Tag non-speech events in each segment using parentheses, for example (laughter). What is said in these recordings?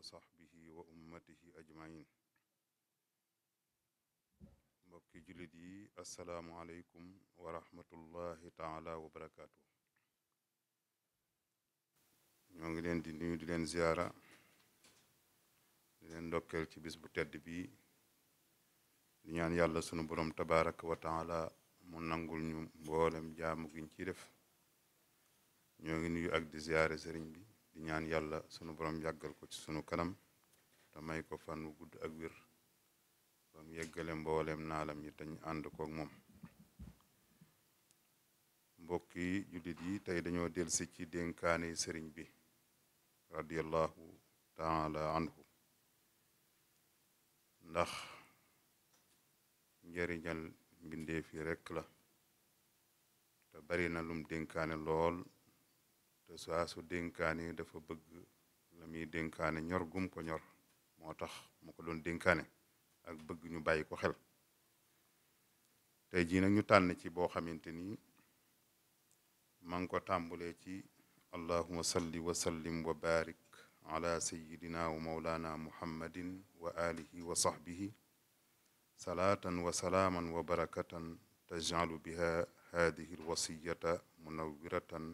wa saxbihi wa ummatihi ajmain mbokki jullit yi asalaamualeykum wa rahmatullahi taala wa barakaatu ñoo ngi leen di nuyu di leen ziyaara di leen ndokkeel ci bis bu tedd bii ñaan yàlla sunu boroom tabaraka wa taala mu nangul ñu mboolem jaamu ci def ñoo ngi nuyu ak di ziyaare sëriñ bi ñaan yàlla sunu borom yàggal ko ci sunu kanam te may ko fan wu gudd ak wir ba mu yeggale mboolem naalam yi dañ ànd koog moom mbokki jullit yi tey dañoo delsi ci dénkaane sëriñ bi radiallahu taala anhu ndax njariñal mbindeef yi rekk la te bari na lum dénkaane lool te saa dafa bëgg la muy dénkaane ñor gum ko ñor moo tax mu ko doon dénkaane ak bëgg ñu bàyyi ko xel tey jii nag ñu tànn ci boo xamante ni ma ngi ko tàmbulee ci allahuma salli wa sallim wa barik ala sayidina wa maulana muhammadin wa alihi wa sahbihi salaatan wa salaaman wa barakatan tajcalu biha hadihi alwasiyata munawiratan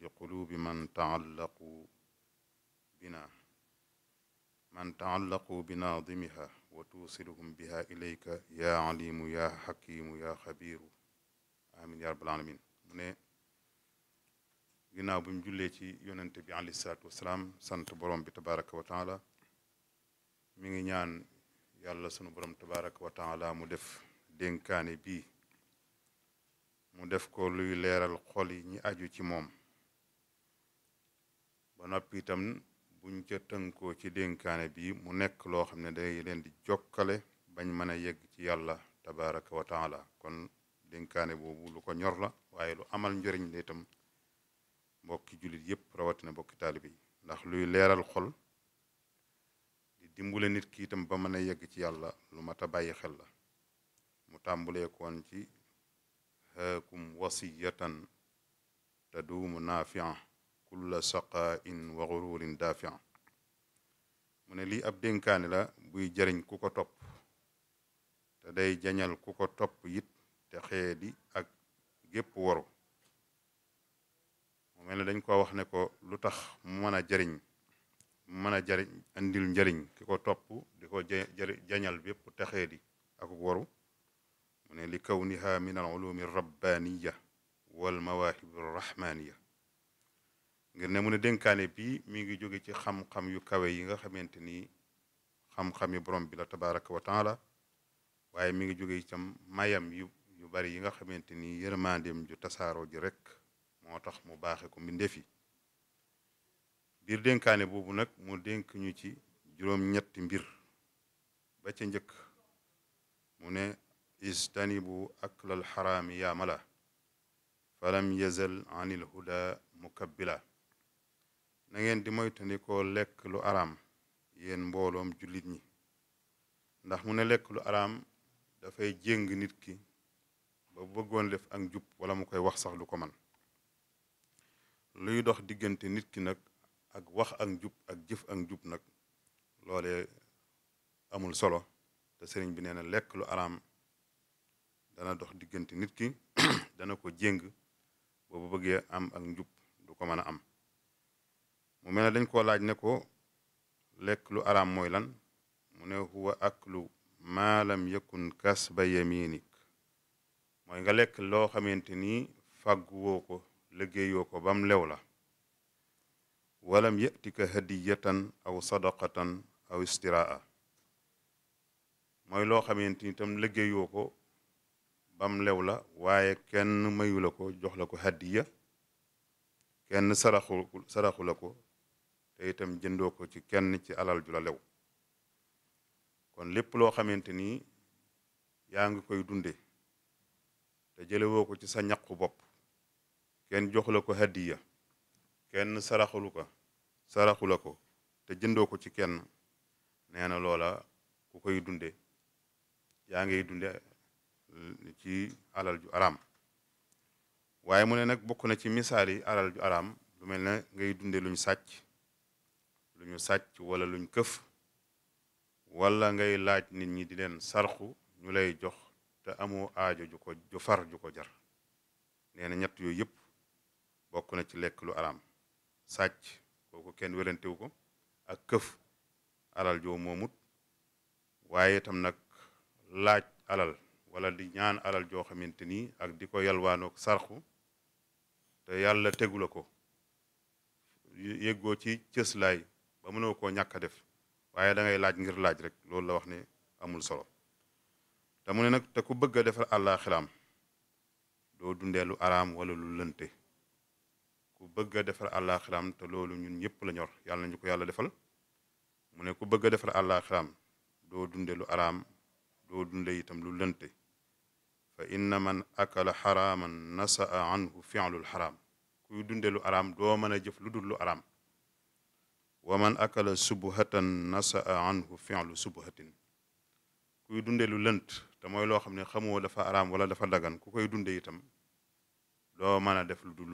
li quluubi man taallaqu bina man taallaqu binaadimiha wa tuusiluhum biha ilayka ya alimu ya xakimu ya xabiru amin ya rabbal alamin mu ne ginnaaw bu mu jullee ci yonente bi sant borom bi tabaraka wa taala mi ngi ñaan yàlla sunu borom tabaraka mu def dénkaane bi mu def ko luy leeral xol yi ñi aju ci moom ba noppi itam buñ ca tënkoo ci dénkaane bi mu nekk loo xam ne day leen di jokkale bañ mën a yegg ci yàlla tabaraka wa kon dénkaane boobu lu ko ñor la waaye lu amal njëriñ la itam mbokki jullit yépp rawatina mbokki taalibe yi ndax luy leeral xol di dimbule nit ki itam ba mën a yegg ci yàlla lu mat a bàyyi xel la mu tàmbulee koon ci haakum wasiyatan taduumu naafian kulla saqaain wa gururin daafia mu ne lii ab dénkaane la buy jariñ ku ko topp te day jañal ku ko topp yit te xeedi ak gépp waru mu mel ne dañ ko wax ne ko lu tax mu a jariñ mën a jariñ andil njariñ ki ko topp di ko jañal bépp te xeedi ak ne li kawniha min al ulumi rabbaniya wal mawahib rahmaniya ngir ne mu ne dénkaane bi mi ngi jóge ci xam-xam yu kawe yi nga xamante ni xam-xam yu borom bi la tabaraka wa taala waaye mi ngi jóge itam mayam yu yu bari yi nga xamante ni yërmandeem ju tasaaroo ji rek moo tax mu baaxe ko mbindeef yi biir dénkaane boobu nag mu dénk ñu ci juróom-ñetti mbir ba ci njëkk mu ne istanibu aklal xaraami yaamala falam yazal anil huda mukabbila na ngeen di moytandikoo lekk lu araam yéen mbooloom jullit ñi ndax mu ne lekk lu araam dafay jéng nit ki ba bëggoon def ak njub wala mu koy wax sax lu ko man luy dox diggante nit ki nag ak wax ak njub ak jëf ak njub nag loole amul solo te sëriñ bi nee na lekk lu araam dana dox diggante nit ki (clears throat) dana ko jéng ba bu bëggee am ak njub du ko mën a am mu mel ne dañ koo laaj ne ko lekk lu araam mooy lan mu ne huwa aklu maalam yakun kasba yaminik moy nga lekk loo xamante ni fàgguwoo ko liggéeyoo ko bam lew la walam yatika hadiyatan aw sadaqatan aw istiraa mooy loo xamante ni tam liggéeyoo ko bam lew la waaye kenn mayu la ko jox la ko hadiya kenn saraxu saraxu la ko te itam jëndoo ko ci kenn ci alal ju la lew kon lépp loo xamante ni yaa ngi koy dunde te jëlewoo ko ci sa ñakku bopp kenn joxu la ko hadiya kenn saraxulu ko saraxu ko te jëndoo ko ci kenn nee na loola ku koy dunde yaa ngay dunde ci alal ju araam waaye mu ne nag bokk na ci misaal yi alal ju araam lu mel ne ngay dunde luñ sàcc ñu sàcc wala luñ këf wala ngay laaj nit ñi di leen sarxu ñu lay jox te amoo aajo ju ko far ju ko jar nee na ñett yooyu yëpp bokk na ci lekk lu araam sàcc kooku kenn wérantewu ko ak këf alal joo moomut waaye itam nag laaj alal wala di ñaan alal joo xamante ni ak di ko yalwaanoog sarxu te yàlla tegula ko yéggoo ci cëslay ba mënoo koo ñàkk a def waaye da ngay laaj ngir laaj rek loolu la wax ne amul solo te mu ne nag te ku bëgg a defar àllaa xilaam doo dundee lu araam wala lu lënte ku bëgg defar àllaa xilaam te loolu ñun ñëpp la ñor yàlla ñu ko yàlla defal mu ne ku bëgg a defar àllaa xilaam doo dunde lu araam doo dunde itam lu lënte fa inna man akala xaraaman nasaa anhu fi'lul xaraam kuy dunde lu araam doo mën a jëf lu dul lu araam wa man akala subhatan nasaa anhu fi'lu subhatin kuy dunde lu lënt te moy loo xam ne xamoo dafa araam wala dafa dagan ku koy dunde itam doo mën a def lu dul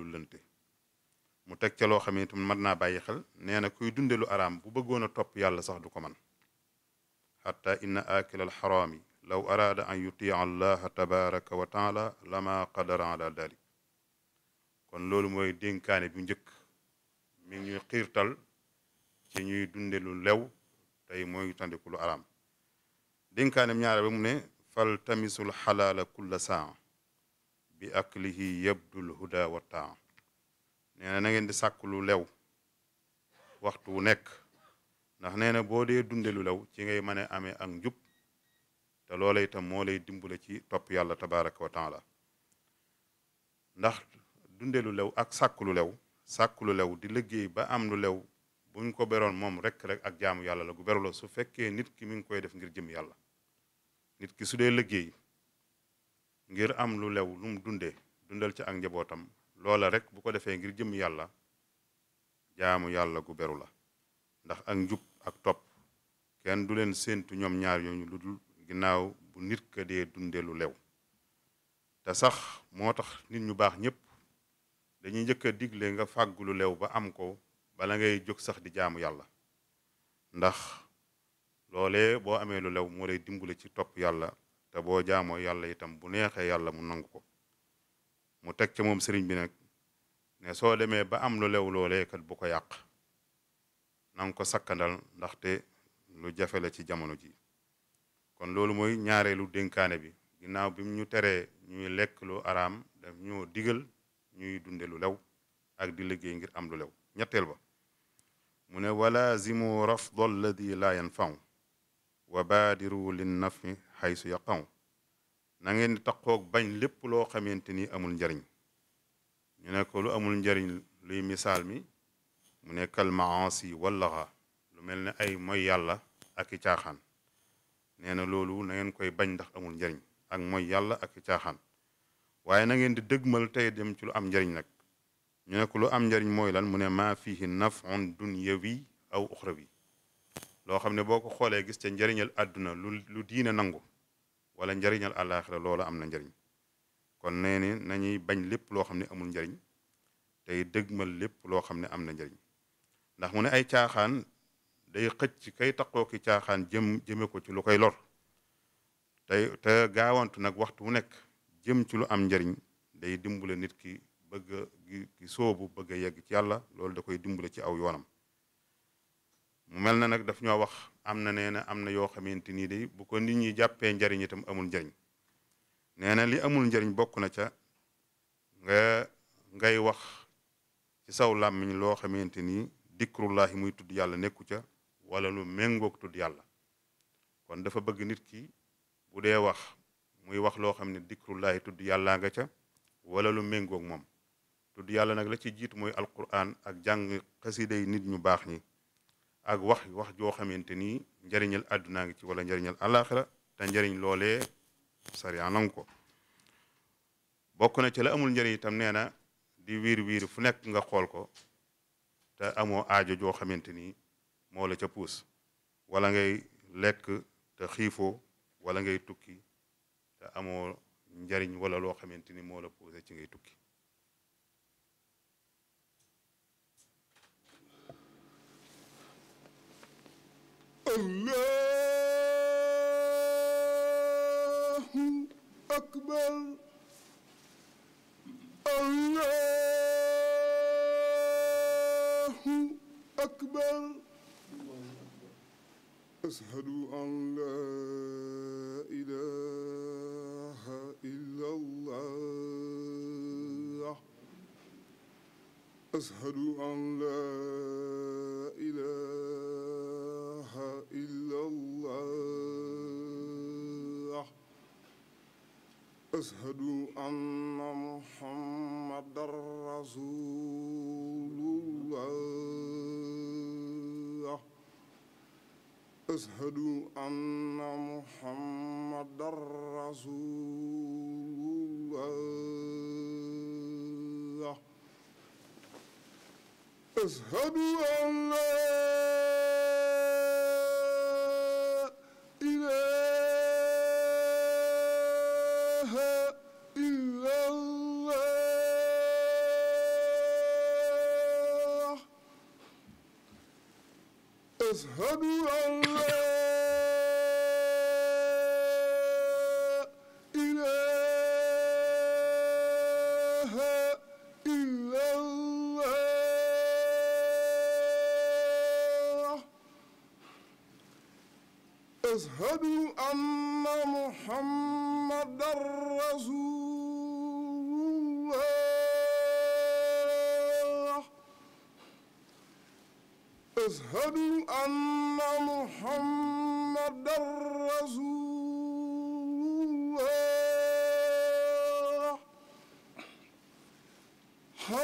mu teg ca loo xam ne itam mën naa bàyyi xel nee na kuy dunde lu araam bu bëggoon a topp yàlla sax du ko man xatta inna akila alxaraami law araada an yutia allaha tabaraka wa taala lama qadara ala dalik kon loolu mooy dénkaane bu njëkk mi ngi ñuy xiirtal ci ñuy dunde lew tey mooy tandiku lu araam dénkaanem ñaare ba mu ne fal tamisul xalaala kulla saa bi aklihi yabdul huda wa taa nee na nangeen ngeen di sàkk lew waxtu wu nekk ndax nee na boo dee dunde lew ci ngay mën a amee ak njub te loola itam moo lay dimbale ci topp yàlla tabaraka wa la ndax dundelu lew ak sàkk lew sàkk lew di liggéey ba am lu lew bu ñu ko beroon moom rek rek ak jaamu yàlla la gu beruloo su fekkee nit ki mi ngi koy def ngir jëm yàlla nit ki su dee liggéey ngir am lu lew lum mu dundee dundal ci ak njabootam loola rek bu ko defee ngir jëm yàlla jaamu yàlla gu beru la ndax ak njub ak topp kenn du leen séentu ñoom ñaar yooyu lu dul ginnaaw bu nit ka dee dundee lu lew te sax moo tax nit ñu baax ñépp dañuy njëkk a digle nga fàggu lu lew ba am ko bala ngay jóg sax di jaamu yàlla ndax loole boo amee lu lew moo lay dimbale ci top yàlla te boo jaamoo yàlla itam bu neexee yàlla mu nangu ko mu teg ci moom sëriñ bi nag ne soo demee ba am lu lew loolee kat bu ko yàq na nga ko sakkandal ndaxte lu jafe ci jamono ji kon loolu mooy ñaareelu dénkaane bi ginnaaw bi ñu teree ñuy lekk lu araam daf ñoo digal ñuy dunde lu lew ak di liggéey ngir am lu lew ñetteel ba mu ne walaazimu rafdo alladi layan yanfau wa baadiru linnafi xaysu yaqaw nangeen ngeen taqoog bañ lépp loo xamante ni amul njariñ ñu ne ko lu amul njariñ luy misaal mi mu ne kal maasi wallaxa lu mel ne ay moy yàlla ak i caaxaan nee na loolu na ngeen koy bañ ndax amul njariñ ak mooy yàlla ak i caaxaan waaye na ngeen di dëgmal tey dem ci lu am njariñ nag ñu ne ko lu am njariñ mooy lan mu ne maa fihi nafun dunyawi aw uxrawi loo xam ne boo ko xoolee gis ca njariñal àdduna lu lu diine nangu wala njariñal àllaaxira loola am na njariñ kon nee ni nañuy bañ lépp loo xam ne amul njariñ tey dëgmal lépp loo xam ne am na njariñ ndax mu ne ay caaxaan day xëcc kay taqoo ki caaxaan jëm jëme ko ci lu koy lor tey te gaawantu nag waxtu wu nekk jëm ci lu am njariñ day dimbale nit ki bëgg ki sóobu bëgg yegg ci yàlla loolu da koy dimbale ci aw yoonam mu mel na nag daf ñoo wax am na nee na am na yoo xamante nii day bu ko nit ñi jàppee njariñ itam amul njariñ nee na li amul njariñ bokk na ca nga ngay wax ci saw làmmiñ loo xamante nii dikrullahi muy tudd yàlla nekku ca wala lu méngoog tudd yàlla kon dafa bëgg nit ki bu dee wax muy wax loo xam ne dikrullahi tudd yàllaa nga ca wala lu méngoog moom tudd yàlla nag la ci jiitu mooy alquran ak jàng xasida yi nit ñu baax ñi ak wax wax joo xamante ni njariñal àddunaa ngi ci wala njariñal àllaaxira te njariñ loole sariya nangu ko bokk na ci la amul njariñ itam nee na di wiir wiir fu nekk nga xool ko te amoo aajo joo xamante ni moo la ca puus wala ngay lekk te xiifoo wala ngay tukki te amoo njariñ wala loo xamante ni moo la puuse ci ngay tukki allahu akbar allahu akbar ashhadu an laa ilaaha illallaah ashhadu anna muhammadan rasulullah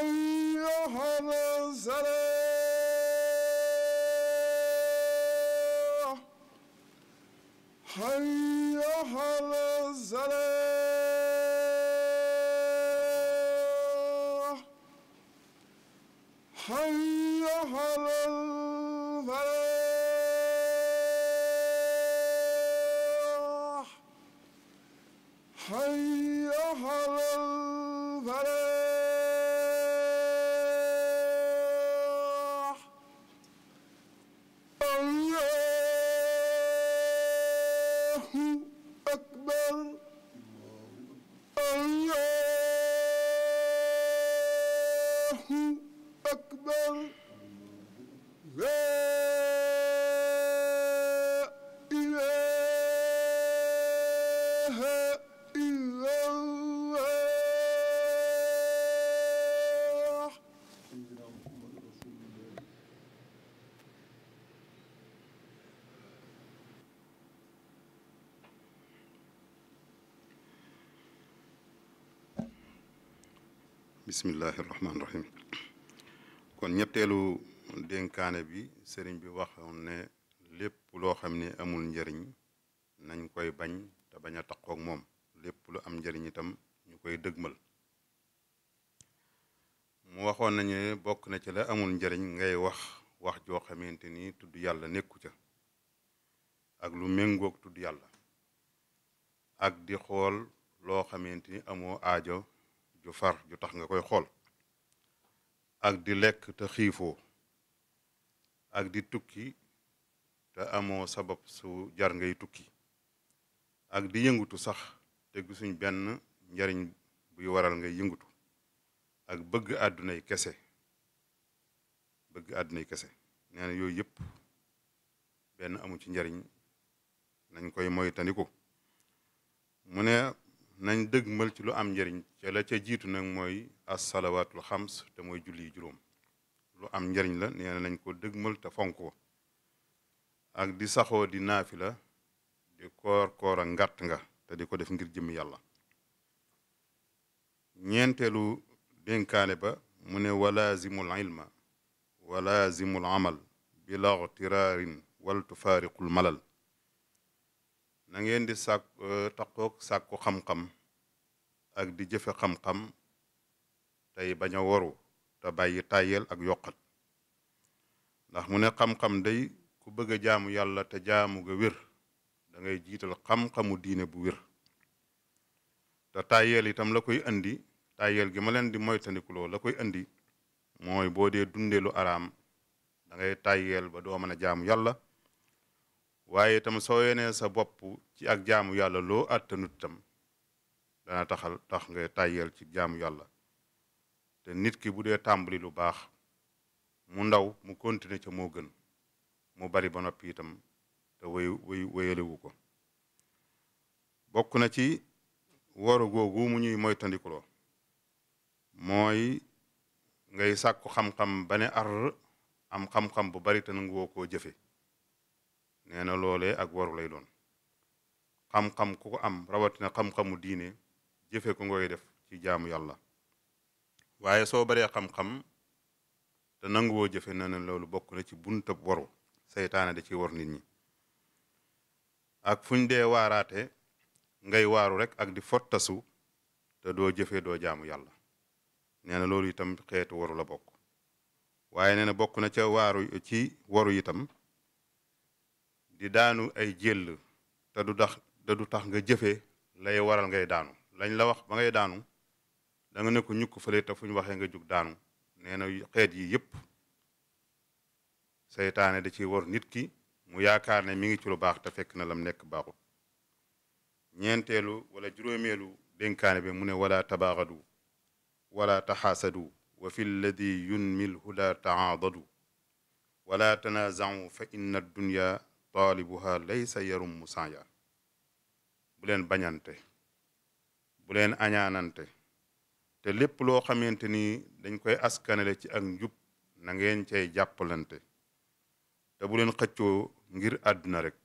أيها الزلاح bismillahi rahmaani rahim kon ñetteelu dénkaane bi sëriñ bi waxoon ne lépp loo xam ne amul njariñ nañ koy bañ te bañ a taqoog moom lépp lu am njariñ itam ñu koy dëgmal mu waxoon nañu bokk na ci la amul njariñ ngay wax wax joo xamante ni tudd yàlla nekku ca ak lu méngook tudd yàlla ak di xool loo xamante ni amoo aajo ju far ju tax nga koy xool ak di lekk te xiifoo ak di tukki te amoo sabab su jar ngay tukki ak di yëngutu sax te gisuñ benn njariñ buy waral ngay yëngutu ak bëgg àddunay kese bëgg àddunay kese nee yooyu yëpp benn amu ci njariñ nañ koy moytandiku mu ne nañ dëgmal ci lu am njariñ ca la ca jiitu nag mooy assalawaatul xams te mooy julli juróom lu am njariñ la nee nañ ko dëgmal te fonk ak di saxoo di naafi di koor koor a nga te di ko def ngir jëm yàlla ñeenteelu dénkaane ba mu ne walaazimul ilma walaazimul amal bila ixtiraarin wal tufaariqul malal nangeen ngeen di sàkk euh, takkook sàkku xam-xam ak di jëfe xam-xam tey bañ a waru te bàyyi tàyyeel ak yokkat ndax mu ne xam-xam day ku bëgg a jaamu yàlla te jaamu ga wér dangay ngay jiital xam-xamu diine bu wér te tàyyeel itam la koy andi tàyyeel gi ma leen di moytandikuloo la koy indi mooy boo dee dundeelu araam dangay ngay ba doo mën a jaamu yàlla waaye itam soo yenee sa bopp ci ak jaamu yàlla loo àttanut tam dana taxal tax nga tàyyeel ci jaamu yàlla te nit ki bu dee tàmbali lu baax mu ndaw mu continuer ca moogën mu bari ba noppi itam te wéy ko bokk na ci wooru googu mu ñuy moytandikuloo mooy ngay sàkku xam-xam ba ne am xam-xam bu bari te nanguwoo koo jëfe nee na loolee ak waru lay doon xam-xam ku am rawatina xam-xamu diine jëfe ko ngoy def ci jaamu yàlla waaye soo baree xam-xam te nanguwoo jëfe na loolu bokk ci buntab waru seytaane da ciy war nit ñi ak fuñ dee waaraate ngay waaru rek ak di fottasu te doo jëfe doo jaamu yàlla nee na loolu itam xeetu waru la bokk waaye nee na bokk na ca ci waru itam di daanu ay jëll te du tax te tax nga jëfe lay waral ngay daanu lañ la wax ba ngay daanu danga nga ne ko ñukk fële te fu ñu waxee nga jug daanu nee na xeet yi yëpp seytaane da ciy war nit ki mu yaakaar ne mi ngi ci lu baax te fekk na lam nekk baaxut ñeenteelu wala juróomeelu dénkaane bi mu ne wala tabaxadu wala taxaasadu wa fi lladi yunmil huda taadadu wala tanaazau fa inna dunya taalibuha laysa yarum musanya bu leen bañante bu leen añaanante te lépp loo xamante ni dañ koy askanale ci ak njub na ngeen cay jàppalante te bu leen xëccoo ngir àdduna rek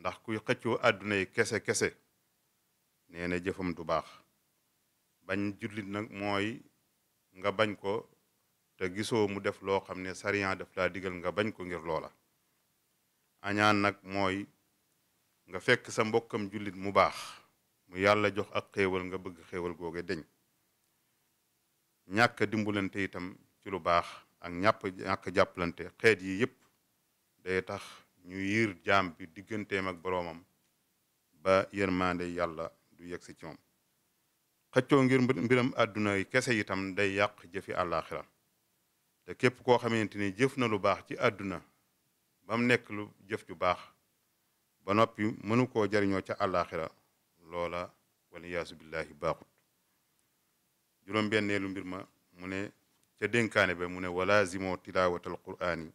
ndax ku xëccoo àdduna yi kese kese nee na jëfam du baax bañ jullit nag mooy nga bañ ko te gisoo mu def loo xam ne sariyan def laa digal nga bañ ko ngir loola añaan nag mooy nga fekk sa mbokkam jullit mu baax mu yàlla jox ak xéewal nga bëgg xéewal googe deñ ñàkk dimbulante itam ci lu baax ak ñàpp ñàkk jàppalante xeet yi yëpp day tax ñu yiir jaam bi digganteem ak boroomam ba yërmaande yàlla du yegg si ci moom xëccoo ngir mbiram àdduna yi kese itam day yàq jëfi àllaaxira te képp koo xamante ni jëf na lu baax ci àdduna ba nekk lu jëf ju baax ba noppi mënu koo jariñoo ca àllaaxira loola wala yaasu billaahi baaxut juróom-benneelu mbir ma mu ne ca dénkaane ba mu ne walaazimoo tilaawata alquraani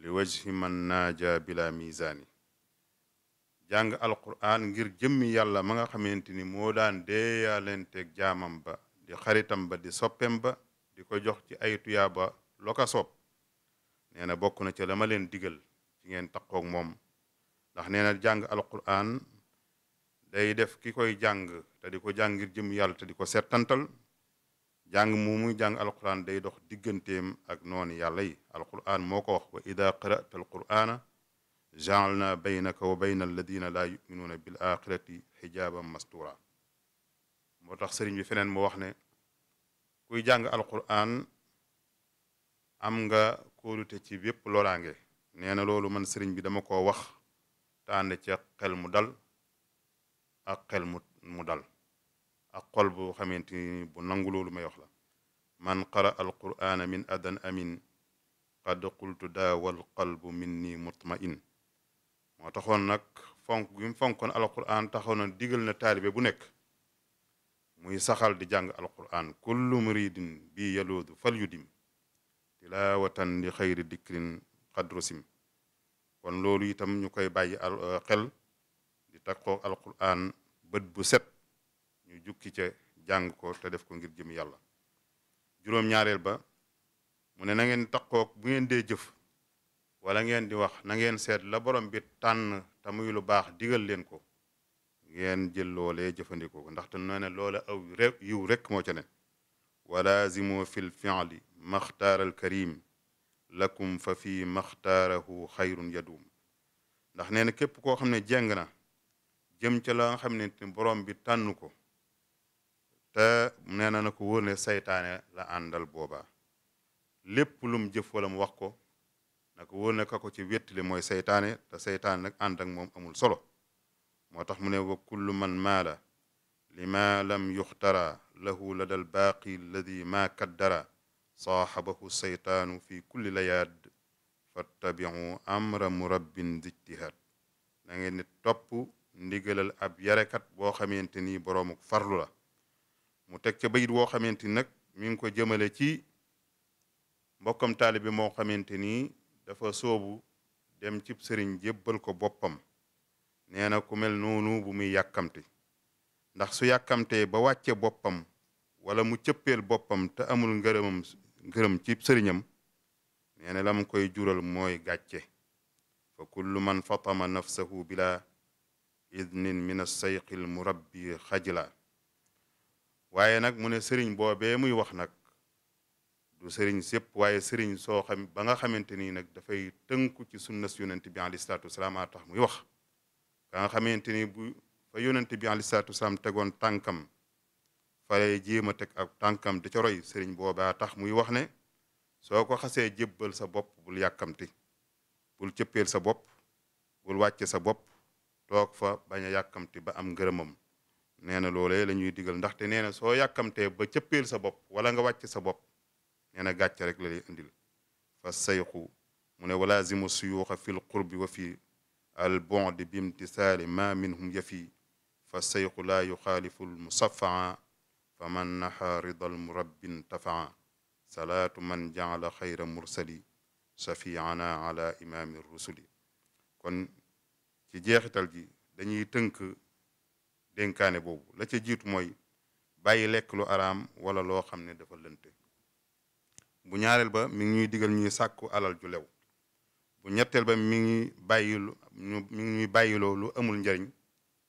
li wajhi man naaja bila misaani jàng alquran ngir jëmmi yàlla ma nga xamante ni moo daan deeyaalenteeg jaamam ba di xaritam ba di soppem ba di ko jox ci ay tuyaaba loo ko nee na bokk na ca la leen digal ci ngeen takkoog moom ndax nee na jàng alquran day def ki koy jàng te di ko jàng ngir jëm yàlla te di ko settantal jàng mu muy jàng alquran day dox digganteem ak noonu yàlla yi alquran moo ko wax wa ida qara'ta alqurana ja'alna baynaka wa bayna alladina la yuminuuna bil axirati xijaaban mastura moo tax sëriñ bi feneen mu wax ne kuy jàng alquran am te ci bépp loraange nee na loolu man sëriñ bi dama ko wax tànn ci xel mu dal ak xel mu dal ak xol bu xamante ni bu nangu loolu may wax la man qara al qurana min adan amin qad qultu daawal qalbu minni mutmain moo taxoon nag fonk gi mu fonkoon alquran taxaw na digal na taalibe bu nekk muy saxal di jàng alquran kullu muridin bi yaluudu fal tilawatan li xayri dikrin xadru kon loolu itam ñu koy bàyyi euh, xel di takkoog alquran bët bu set ñu jukki ca jàng ko te def ko ngir jëm yàlla juróom-ñaareel ba mu ne na ngeen takkoog bu ngeen dee jëf wala ngeen di wax nangeen seet la borom bi tànn ta muy lu baax digal leen ko ngeen jël loole jëfandikoo ko ndaxte noo ne loola aw yiw rek moo ca ne wala zimo fil fi'li maxtaar al karim lakum fa fii maxtaarahu xayrun yadum ndax nee na képp koo xam ne jeng na jëm ca la xam ne borom bi tànn ko te nee na na ko wóor ne la àndal boobaa lépp lum jëf wala mu wax ko na ko wóor ne ko ci wéttali mooy saytaane te saytaane nag ànd ak moom amul solo moo tax mu ne wa kullu man maala lima lam yuxtara lahu ladal baaqi alladi ma kaddara saaxabahu seytaanu fi kulli layaad fattabiu amra murabbin dijtihaad na ngeen ni topp ndigalal ab yarekat boo xamante ni boroomu farlu la mu teg ca bayit woo xamante ni nag mi ngi ko jëmale ci mbokkam taalibe moo xamante ni dafa soobu dem cib sëriñ jébbal ko boppam nee na ku mel noonu bu muy yàkkamte ndax su yàkkamtee ba wàcce boppam wala mu cëppeel boppam te amul ngërëmam ngërëm ci sëriñam nee na lam koy jural mooy gàcce fa kullu man fatama nafsahu bila idnin min assayqi l murabbi xajla waaye nag mu ne sëriñ boobee muy wax nag du sëriñ sépp waaye sëriñ soo xam ba nga xamante nii nag dafay tënku ci sunnas yonent bi alayhi salaatu a tax muy wax ba nga xamante ni bu fa yonent bi alayhi salaatu wasalaam tegoon tànkam falay jéem a teg ak tànkam di ca roy sëriñ boobaa tax muy wax ne soo ko xasee jébbal sa bopp bul yàkkamti bul cëppeel sa bopp bul wàcce sa bopp toog fa bañ a yàkkamti ba am ngërëmam nee na loolee la ñuy digal ndaxte nee na soo yàkkamtee ba cëppeel sa bopp wala nga wàcce sa bopp nee na gàcce rek la lay indil fa sayxu mu ne walaazimu suyuuxa fi l qurbi wa fi al bondi bimtisaali ma minhum yafi fa sayxu laa yuxaalifu l musafaa faman naxa ridal murabbin tafaa salaatu man jaala xayra mursali safiana ala imaami rusuli kon ci jeexital ji dañuy tënk dénkaane boobu la ca jiitu mooy bàyyi lekk lu araam wala loo xam ne dafa lënte bu ñaareel ba mi ngi ñuy digal ñuy sàkku alal ju lew bu ñetteel ba mi ngi bàyyi lu mi ñuy bàyyiloo lu amul njariñ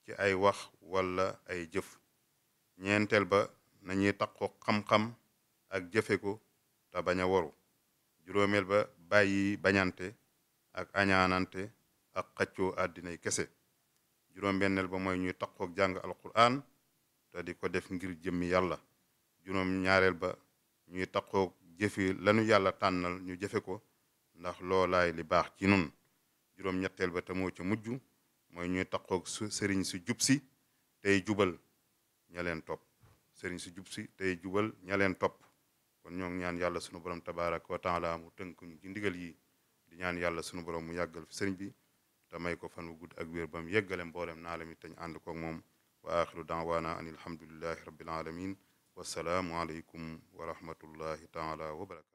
ci ay wax walla ay jëf ñeenteel ba nañuy takku xam-xam ak jëfe ko te bañ a waru juróomeel ba bàyyi bañante ak añaanante ak xaccoo àddinay kese juróom-benneel ba mooy ñuy takku jàng alquran te di ko def ngir jëmmi yàlla juróom-ñaareel ba ñuy takku jëfi lañu yàlla tànnal ñu jëfe ko ndax loolaay li baax ci nun juróom-ñetteel ba te moo ca mujj mooy ñuy takku sëriñ si jub si tey jubal ña leen topp sëriñ si jub si tey jubal ña leen topp kon ñoo ñaan yàlla sunu borom tabaraka wa taala mu tënk ñu ci yi di ñaan yàlla sunu borom mu yàggal fi bi te may ko fan wu gudd ak wér bam mu yeggale mboolem naa la mi tañ ànd koog moom wa axiru daawaana an alhamdulillahi rabbil alamin wasalaamu aleykum wa rahmatullahi taala wa barakatu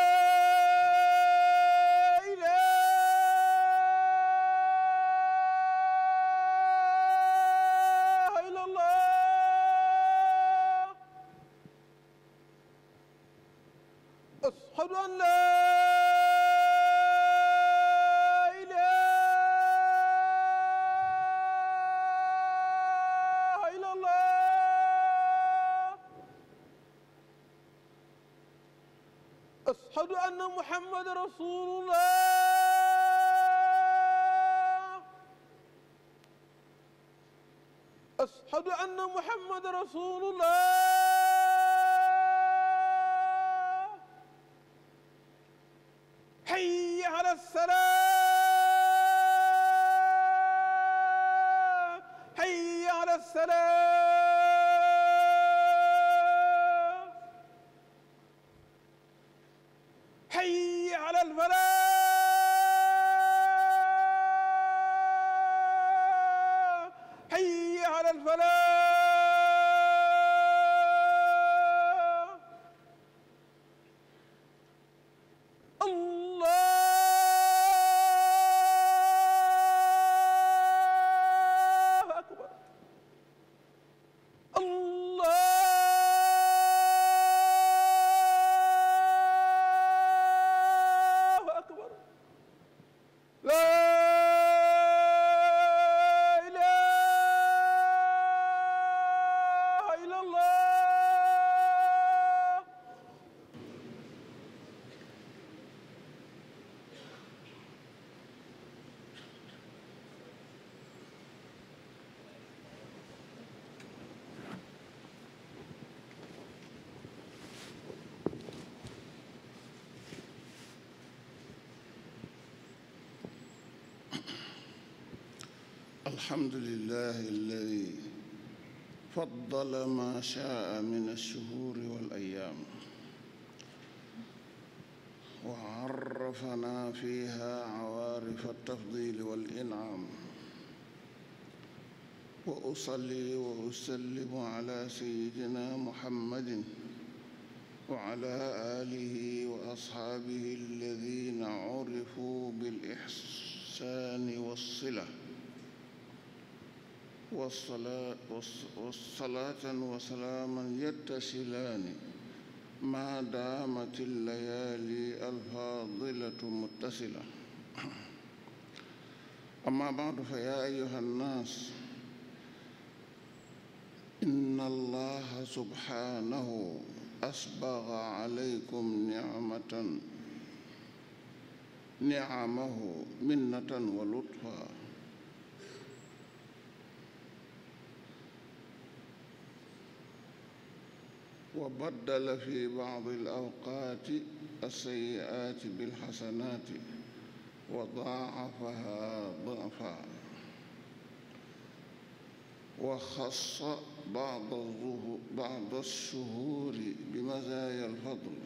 أشهد أن لا أشهد أن محمد رسول الله أشهد أن محمد رسول الله حي على السلام حي على السلام الحمد لله الذي فضل ما شاء من الشهور والأيام وعرفنا فيها عوارف التفضيل والإنعام وأصلي وأسلم على سيدنا محمد وعلى آله وأصحابه الذين عرفوا بالإحسان والإحسان والصلة والصلاة والصلاة وسلاما يتصلان ما دامت الليالي الفاضلة متصلة أما بعد فيا أيها الناس إن الله سبحانه أسبغ عليكم نعمةً نعمه منة ولطفا وبدل في بعض الأوقات السيئات بالحسنات وضاعفها ضعفا وخص بعض بعض الشهور بمزايا الفضل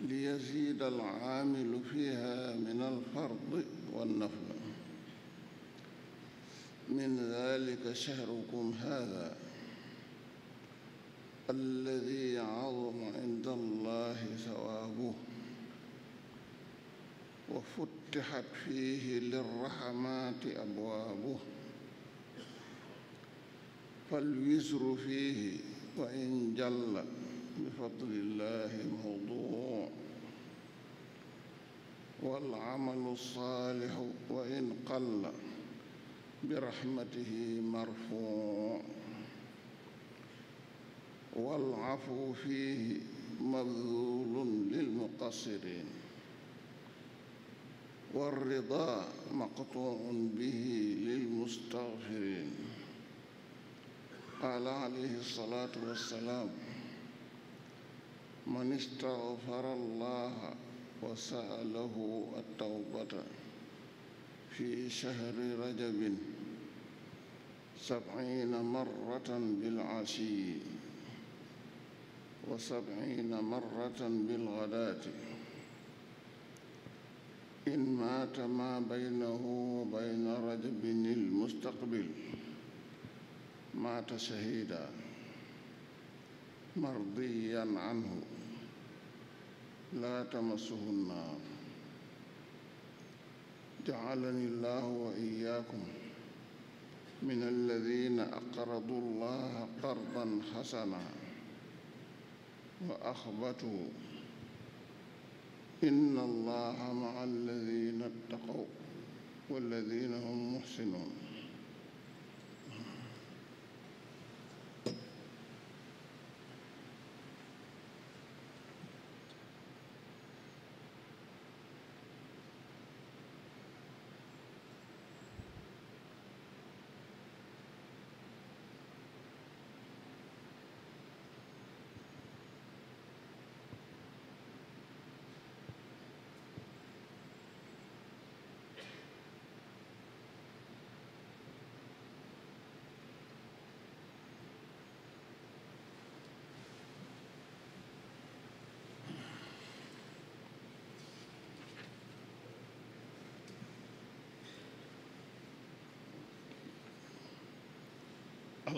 ليزيد العامل فيها من الفرض والنفل من ذلك شهركم هذا الذي عظم عند الله ثوابه وفتحت فيه للرحمات أبوابه فالوزر فيه وإن جلت بفضل الله موضوع والعمل الصالح وإن قل برحمته مرفوع والعفو فيه مبذول للمقصرين والرضا مقطوع به للمستغفرين قال عليه الصلاة والسلام من استغفر الله وسأله التوبة في شهر رجب سبعين مرة بالعشي وسبعين مرة بالغداة إن مات ما بينه وبين رجب المستقبل مات شهيدا مرضيا عنه laa tamassuhu nnaar jacalani allahu wa iyaakum min alladina aqradu allaha qardan xasana wa axbatu inna allaha maa alladina attaqaw walladina hum muxsinuun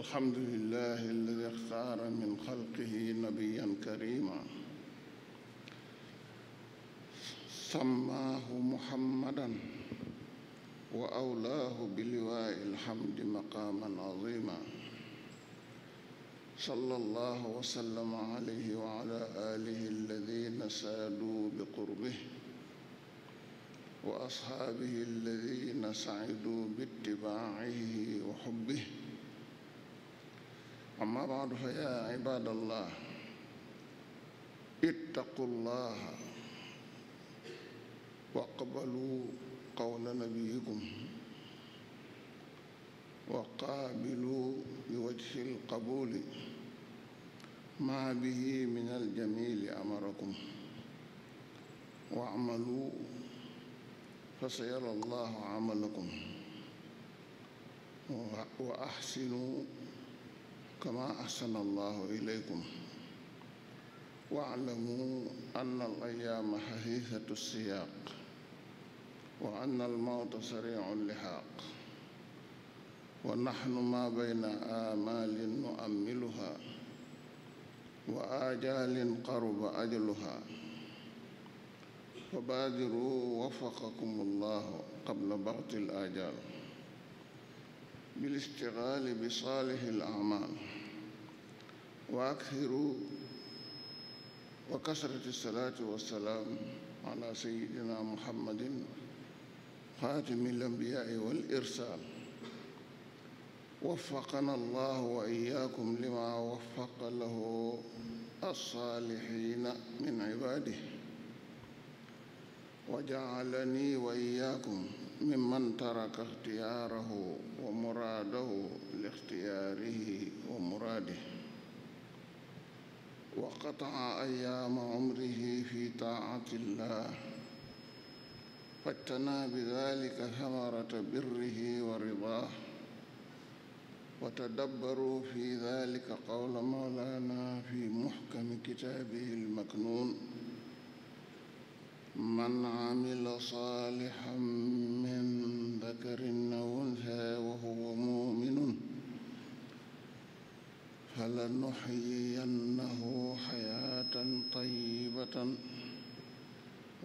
الحمد لله الذي اختار من خلقه نبيا كريما سماه محمدا وأولاه بلواء الحمد مقاما عظيما صلى الله وسلم عليه وعلى آله الذين سادوا بقربه وأصحابه الذين سعدوا باتباعه وحبه أما بعد فيا عباد الله اتقوا الله واقبلوا قول نبيكم وقابلوا بوجه القبول ما به من الجميل أمركم واعملوا فسيرى الله عملكم وأحسنوا kama ahsana allahu ilaykum waalamu anna al ayaama xafiifatu siyaaq wa anna al mawta sariicu lihaaq wa naxnu maa bayna aamaalin nuammiluha wa aajaalin qaruba ajaluha fa baadiru wafaqakum allahu qabla baxti al aajaal بالاشتغال بصالح الأعمال وأكثروا وكثرة الصلاة والسلام على سيدنا محمد خاتم الأنبياء والإرسال وفقنا الله وإياكم لما وفق له الصالحين من عباده وجعلني وإياكم ممن ترك اختياره ومراده لاختياره ومراده وقطع أيام عمره في طاعة الله فاجتنى بذلك ثمرة بره ورضاه وتدبروا في ذلك قول مولانا في محكم كتابه المكنون من عمل صالحا من ذكر أو أنثى وهو مؤمن فلنحيينه حياة طيبة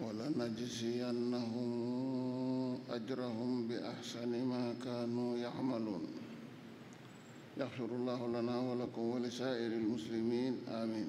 ولنجزينهم أجرهم بأحسن ما كانوا يعملون يغفر الله لنا ولكم ولسائر المسلمين آمين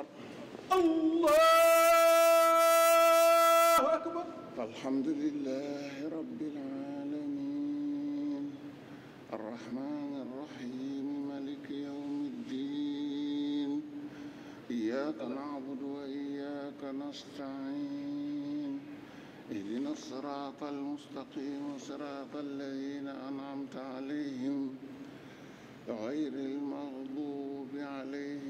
akbar allahu akbar alhamdulillahi rabbil alamin arrahman arrahim maliki yawmi ddin iyyaka na'budu wa iyyaka nasta'in اهدنا الصراط المستقيم صراط الذين أنعمت عليهم غير المغضوب عليهم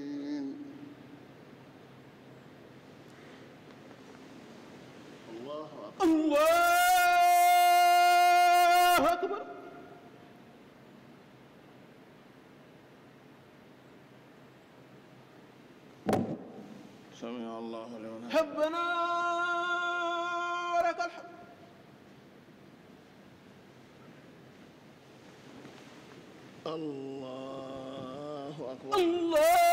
allahu akbar sami allahu liman rabbana walaka alhamd allahu akbar allah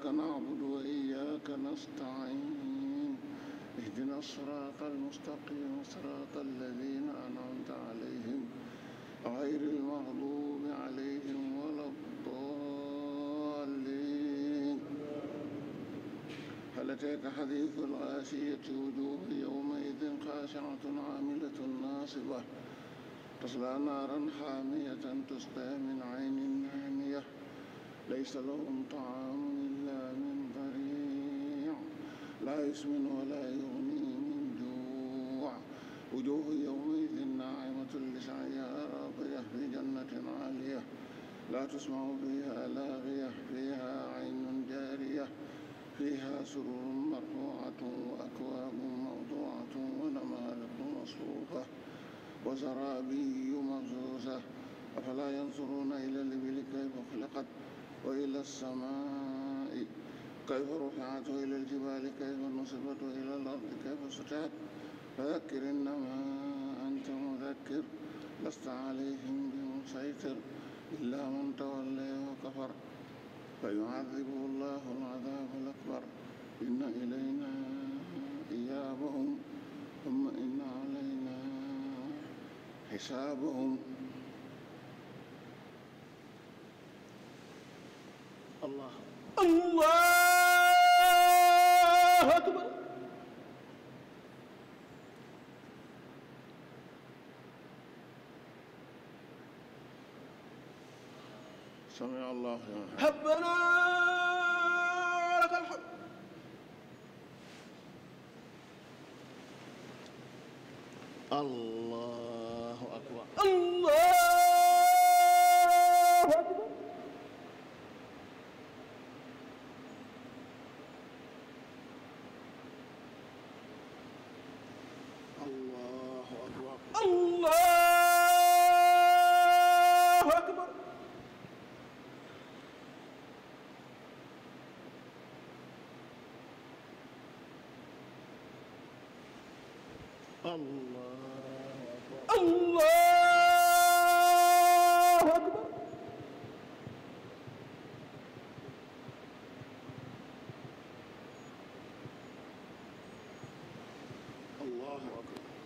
إياك نعبد وإياك نستعين اهدنا الصراط المستقيم صراط الذين أنعمت عليهم غير المغضوب عليهم ولا الضالين هل أتاك حديث الغاشية وجوه يومئذ خاشعة عاملة ناصبة تصلى نارا حامية تسقى من عين حامية ليس لهم طعام لا يسمن ولا يغني من جوع وجوه يومئذ ناعمة لسعيها راضية في جنة عالية لا تسمع فيها لاغية فيها عين جارية فيها سرور مرفوعة وأكواب موضوعة ونمارق مصفوفة وزرابي مبثوثة أفلا ينظرون إلى الإبل كيف خلقت وإلى السماء كيف رفعت إلى الجبال كيف نصبت إلى الأرض كيف سطحت فذكر إنما أنت مذكر لست عليهم بمسيطر إلا من تولي وكفر فيعذبه الله العذاب الأكبر إن إلينا إيابهم ثم إن علينا حسابهم الله الله سمع الله ربنا لك الحمد الله أكبر الله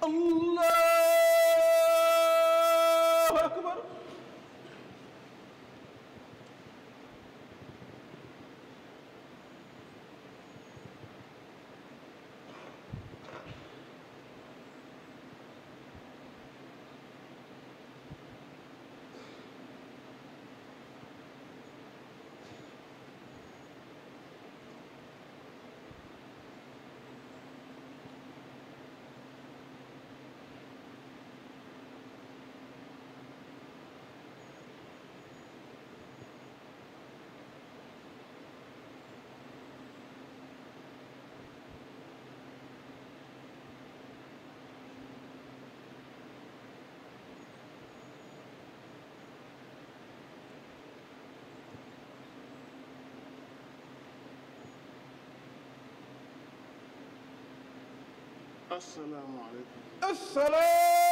Allah asalaamaaleykum. asalaam.